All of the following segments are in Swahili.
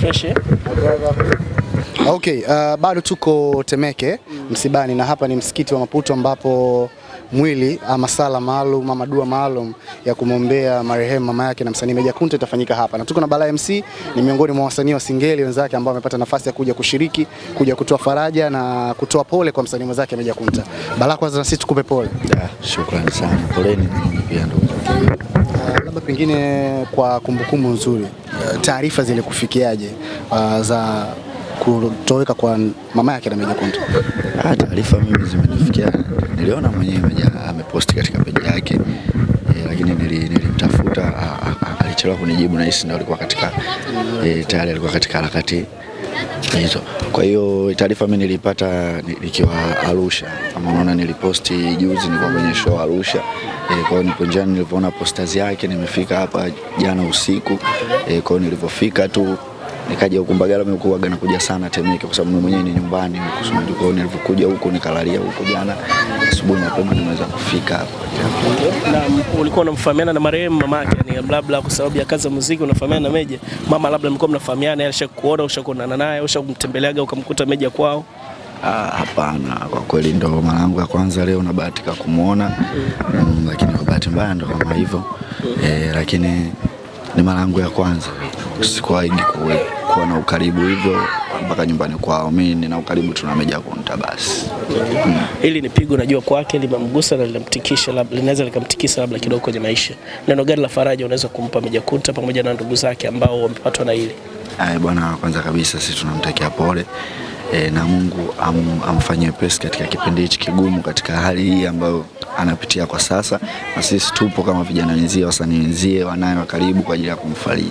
Fresh, eh? Okay, uh, bado tuko Temeke msibani na hapa ni msikiti wa Maputo ambapo mwili ama sala maalum ama dua maalum ya kumwombea marehemu mama yake na msanii Meja Kunta itafanyika hapa, na tuko na Bala MC, ni miongoni mwa wasanii wa Singeli wenzake ambao wamepata nafasi ya kuja kushiriki, kuja kutoa faraja na kutoa pole kwa msanii mwenzake Meja Kunta. Bala, kwanza na sisi tukupe pole. Shukrani sana, poleni pia ndugu. Uh, Labda pengine kwa kumbukumbu nzuri, taarifa zilikufikiaje uh, za kutoweka kwa mama yake Mejakunta? Ah, taarifa mimi zimenifikia, niliona mwenyewe ameposti katika peji yake e, lakini nilimtafuta nili alichelewa kunijibu, hisi ndio alikuwa katika e, tayari alikuwa katika harakati hizo. Kwa hiyo taarifa mimi nilipata nikiwa Arusha, kama unaona niliposti juzi, nilikuwa kwenye show Arusha. E, kwa hiyo nipo njiani nilipoona posters yake, nimefika hapa jana usiku. E, kwa hiyo nilipofika tu nikaja huko Mbagala. Mimi na kuja sana Temeke kwa sababu mimi mwenyewe ni nyumbani huko, huku, ndio Nilipokuja huko nikalalia huko jana asubuhi mapema nimeweza kufika hapa. Na ulikuwa unamfahamiana na marehemu mama yake, ni labda kwa sababu ya kazi ya muziki unafahamiana na Meja mama, labda mlikuwa mnafahamiana, alishakuona ushakuonana naye ushakumtembeleaga ukamkuta Meja kwao? Ah, hapana, kwa kweli ndo mara yangu ya kwanza leo nabahatika kumwona mm. Mm, lakini kwa bahati mbaya ndo kama hivyo mm. Eh, lakini ni mara yangu ya kwanza sikuwaidi kuwa na ukaribu hivyo mpaka nyumbani kwao. Mimi nina ukaribu tuna meja kunta basi. Hmm. Hili ni pigo najua kwake limemgusa na linamtikisha, labda linaweza likamtikisa labda kidogo kwenye maisha. Neno gani la faraja unaweza kumpa meja kunta pamoja na ndugu zake ambao wamepatwa na hili? Ai bwana, kwanza kabisa sisi tunamtakia pole e, na Mungu am, amfanyie pesi katika kipindi hichi kigumu, katika hali hii ambayo anapitia kwa sasa, na sisi tupo kama vijana wenzie, wasanii wenzie, wanaye wa karibu kwa ajili ya kumfariji.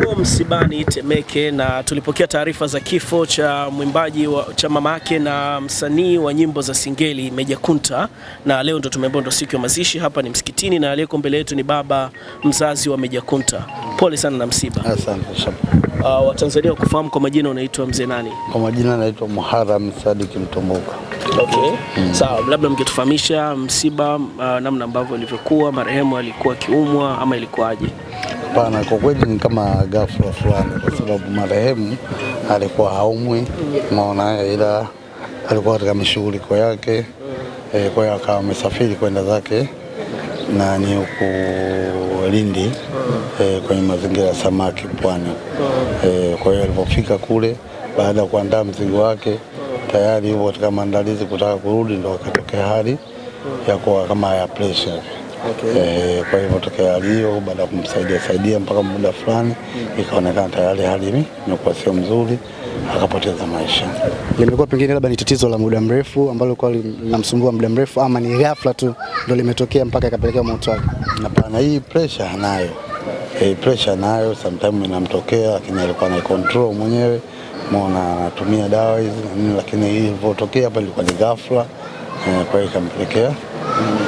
Tuko msibani Temeke na tulipokea taarifa za kifo cha mwimbaji wa, cha mamake na msanii wa nyimbo za Singeli Meja Kunta, na leo ndo tumeambiwa ndo siku ya mazishi. Hapa ni msikitini na aliyeko mbele yetu ni baba mzazi wa Meja Kunta. Pole sana na msiba. Asante sana. Uh, Watanzania wakufahamu kwa majina, unaitwa mzee nani? Kwa majina anaitwa Muharram Sadiki Mtomboka. Okay. Mm. Sawa, labda mngetufahamisha msiba, uh, namna ambavyo ilivyokuwa, marehemu alikuwa akiumwa ama ilikuwaje? pana kwa kweli ni kama ghafla fulani, kwa sababu marehemu alikuwa haumwi, unaona, ila alikuwa katika mishughuliko yake e, kwa hiyo akawa amesafiri kwenda zake na ni huku Lindi e, kwenye mazingira ya samaki pwani e, kwa hiyo alipofika kule baada ya kuandaa mzigo wake tayari yupo katika maandalizi kutaka kurudi, ndo akatokea hali ya kuwa kama ya pressure okay. E, kwa hivyo tokea hali hiyo, baada ya kumsaidia saidia mpaka muda fulani mm. ikaonekana tayari hali imekuwa sio mzuri, akapoteza maisha. Limekuwa pengine labda ni tatizo la muda mrefu ambalo kwa linamsumbua muda mrefu, ama ni ghafla tu ndio limetokea mpaka ikapelekea mauti wake? Hapana, hii pressure anayo e, pressure nayo sometimes inamtokea, lakini alikuwa na control mwenyewe mona anatumia dawa hizi na nini, lakini ilivyotokea hapa ilikuwa ni ghafla, eh, kwa hiyo ikampelekea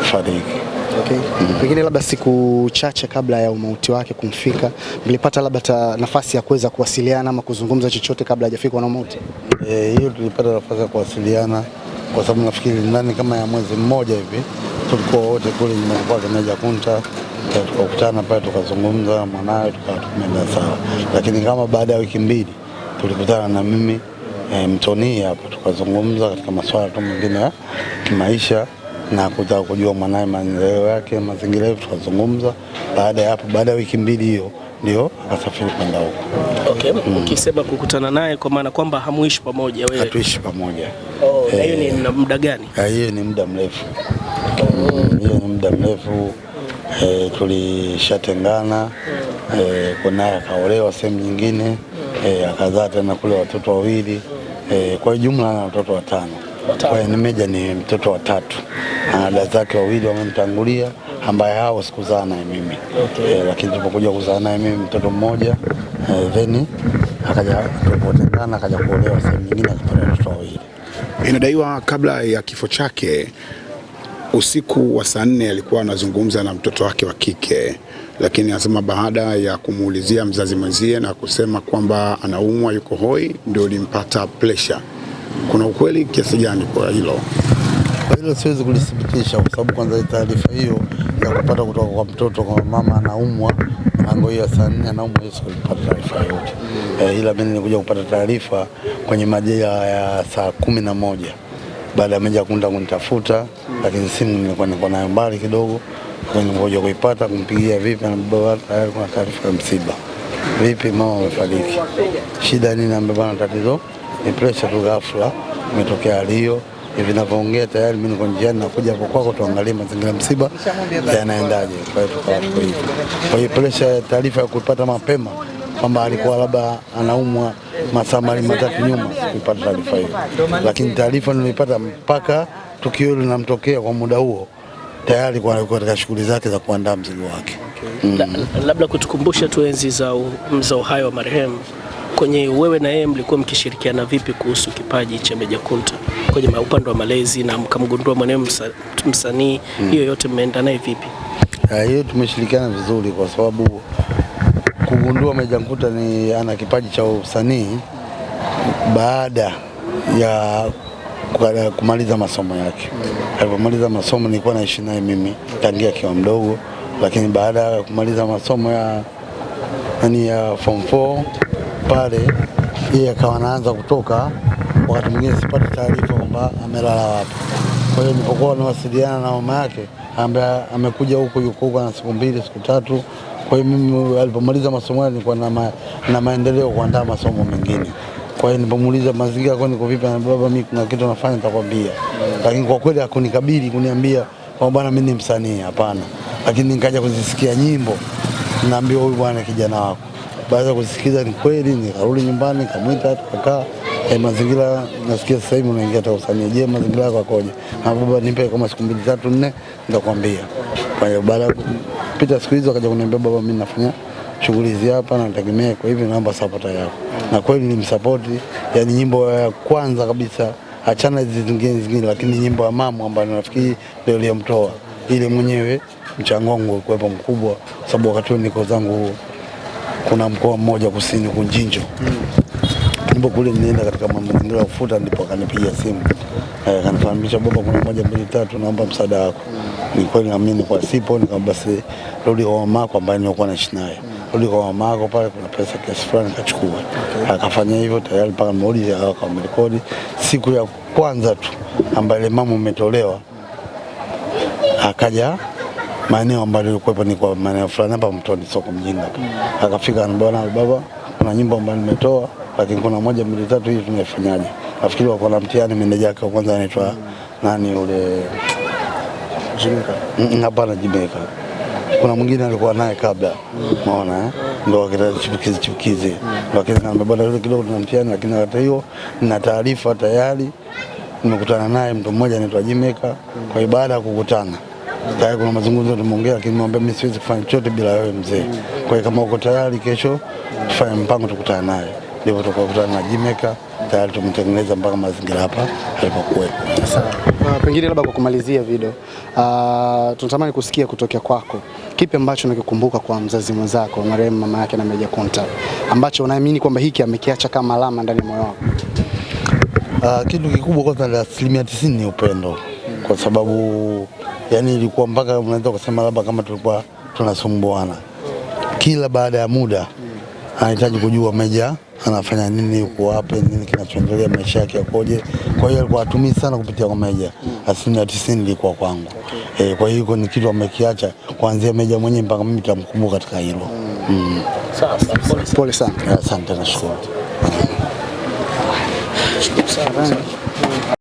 fariki okay. mm -hmm. Pengine labda siku chache kabla ya umauti wake kumfika, mlipata labda nafasi ya kuweza kuwasiliana ama kuzungumza chochote kabla hajafikwa na umauti? Eh, hiyo tulipata nafasi ya kuwasiliana kwa sababu nafikiri ndani kama ya mwezi mmoja hivi tulikuwa wote kule nyumbani kwake Meja Kunta tukakutana pale tukazungumza, mwanawe tukaenda sawa, lakini kama baada ya wiki mbili tulikutana na mimi e, Mtoni hapa tukazungumza katika masuala tu mengine ya kimaisha na kutaka kujua mwanaye maendeleo yake, mazingira yetu, tukazungumza. Baada ya hapo, baada ya wiki mbili hiyo ndio akasafiri kwenda huko. Okay. Mm. Ukisema kukutana naye kwa maana kwamba hamuishi pamoja wewe? Hatuishi pamoja. Oh, hiyo ni eh. muda gani? Hiyo ni muda mrefu. Mm. Hiyo ni muda mrefu eh, tulishatengana mm. eh, kunaye akaolewa sehemu nyingine mm. eh, akazaa tena kule watoto wawili eh, kwa jumla na watoto watano. Meja ni mtoto wa tatu ana ah, dada zake wawili wamemtangulia, ambaye hao sikuzaa naye mimi okay. E, lakini tulipokuja kuzaa naye mimi mtoto mmoja e, then akaja tulipotengana akaja kuolewa sehemu nyingine akipata watoto wawili. Inadaiwa kabla ya kifo chake usiku wa saa nne alikuwa anazungumza na mtoto wake wa kike, lakini anasema baada ya kumuulizia mzazi mwenzie na kusema kwamba anaumwa yuko hoi, ndio ulimpata pressure kuna ukweli kiasi gani kwa hilo? Kwa hilo siwezi kulithibitisha kwa sababu kwanza taarifa hiyo ya kupata kutoka kwa mtoto kwa mama anaumwa mlango hiyo saa nne anaumwa hiyo sikupata taarifa mm. Eh, ila mimi nilikuja kupata taarifa kwenye majira ya saa kumi na moja baada ya meja kunda kunitafuta, mm. lakini simu nilikuwa niko nayo mbali kidogo, nilikuja kuipata kumpigia, vipi anababa, tayari kuna taarifa ya msiba, vipi mama amefariki, shida nini? Ambaye bwana tatizo ni pressure tu, ghafla imetokea alio Hivi ninavyoongea tayari mimi niko njiani nakuja hapo kwako, tuangalie mazingira msiba yanaendaje. Kwa hiyo Kwa hiyo pressure, taarifa ya kupata mapema kwamba alikuwa labda anaumwa masaa mali matatu nyuma, sikuipata taarifa hiyo, lakini taarifa nilipata mpaka tukio hilo linamtokea kwa muda huo tayari kwa katika shughuli zake za kuandaa mzigo wake. Okay. Mm. Labda kutukumbusha tu enzi za, za uhai wa marehemu kwenye wewe na yeye mlikuwa mkishirikiana vipi kuhusu kipaji cha Meja Kunta kwenye upande wa malezi na mkamgundua mwenyewe msanii msa, mm. hiyo yote mmeenda naye vipi? Ah, hiyo tumeshirikiana vizuri kwa sababu kugundua Meja Kunta ni ana kipaji cha usanii baada ya kumaliza masomo yake. Alipomaliza masomo nilikuwa naishi naye mimi tangia akiwa mdogo, lakini baada ya kumaliza masomo ya nani ya form 4 pale, yeye akawa anaanza kutoka, wakati mwingine sipate taarifa kwamba amelala wapi. Kwa hiyo nilipokuwa nawasiliana na mama yake ambaye amekuja huku yuko huko na siku mbili siku tatu. Kwa hiyo mimi alipomaliza masomo yake nilikuwa na, ma, na maendeleo kuandaa masomo mengine. Kwa hiyo nilipomuuliza mazingira yako niko vipi, na baba, mimi kuna kitu nafanya nitakwambia, lakini kwa kweli hakunikabili kuniambia kwamba bwana, mimi ni msanii, hapana. Lakini nikaja kuzisikia nyimbo, naambiwa huyu bwana kijana wako baada ya kusikiza ni kweli, nikarudi nyumbani, kamwita, tukakaa. E, mazingira nasikia sasa hivi unaingia Tanzania. Je, mazingira yako akoje? Baba, nipe kama siku mbili tatu nne, nitakwambia. Kwa hiyo baada ya kupita siku hizo akaja kuniambia, baba, mimi nafanya shughuli hizi hapa na nategemea, kwa hivyo naomba support yako. Na kweli ni nilimsapoti, yani nyimbo ya kwanza kabisa, achana hizi zingine zingine, lakini nyimbo ya Mamu ambayo nafikiri ndio iliyomtoa ile mwenyewe, mchango wangu ulikuwa mkubwa, sababu wakati huo niko zangu huo kuna mkoa mmoja kusini Kunjinjo mm. Nipo kule nienda katika mazingira ya ufuta, ndipo akanipigia simu eh, kanifahamisha baba, kuna moja mbili tatu, naomba msaada wako mm. Ni kweli na mimi kwa sipo, nikamwambia basi rudi kwa mamako ambaye nilikuwa naishi naye mm. Rudi kwa mamako pale, kuna pesa kiasi fulani kachukua. Okay. Akafanya hivyo tayari mpaka mrudi, akamerekodi siku ya kwanza tu ambaye ile mama umetolewa akaja maeneo ambayo nilikuwepo ni kwa maeneo fulani hapa Mtoni, soko mjinga mm. Akafika anabwana, baba, kuna nyimbo ambayo nimetoa, lakini kuna moja mbili tatu hivi tunaifanyaje? Nafikiri wako na mtihani, meneja yake wa kwanza anaitwa nani ule Jimeka? Mm, mm, hapana, Jimeka kuna mwingine alikuwa naye kabla, mm. umeona eh, ndo akitachipukizi chipukizi, chipukizi mm. lakini kama bwana yule kidogo tuna mtihani, lakini hata hiyo nina taarifa tayari nimekutana naye mtu mmoja anaitwa Jimeka. Kwa hiyo baada ya kukutana tayari kuna mazungumzo tumeongea, lakini mwambia mimi siwezi kufanya chochote bila wewe mzee. Kwa hiyo kama uko tayari, kesho tufanye mpango, tukutane naye. Ndipo tukakutana na Jimeka, tayari tumetengeneza mpaka mazingira hapa alipokuwepo. Sasa ah, pengine labda kwa kumalizia video, uh, tunatamani kusikia kutokea kwako kipi ambacho unakikumbuka kwa mzazi mwenzako marehemu mama yake na Meja Kunta ambacho unaamini kwamba hiki amekiacha kama alama ndani ya moyo wako? Uh, kitu kikubwa kwanza, asilimia tisini ni upendo, kwa sababu yani ilikuwa mpaka unaweza kusema labda kama tulikuwa tunasumbuana kila baada ya muda anahitaji kujua Meja anafanya nini, yuko wapi, nini kinachoendelea, maisha yake yakoje. Kwa hiyo alikuwa atumii sana kupitia kwa Meja, asilimia tisini ilikuwa kwangu. Okay. E, kwa hiyo ni kitu amekiacha kuanzia Meja mwenyewe mpaka mimi tamkumbuka katika hilo. Mm. Mm. Pole sana. Asante, nashukuru.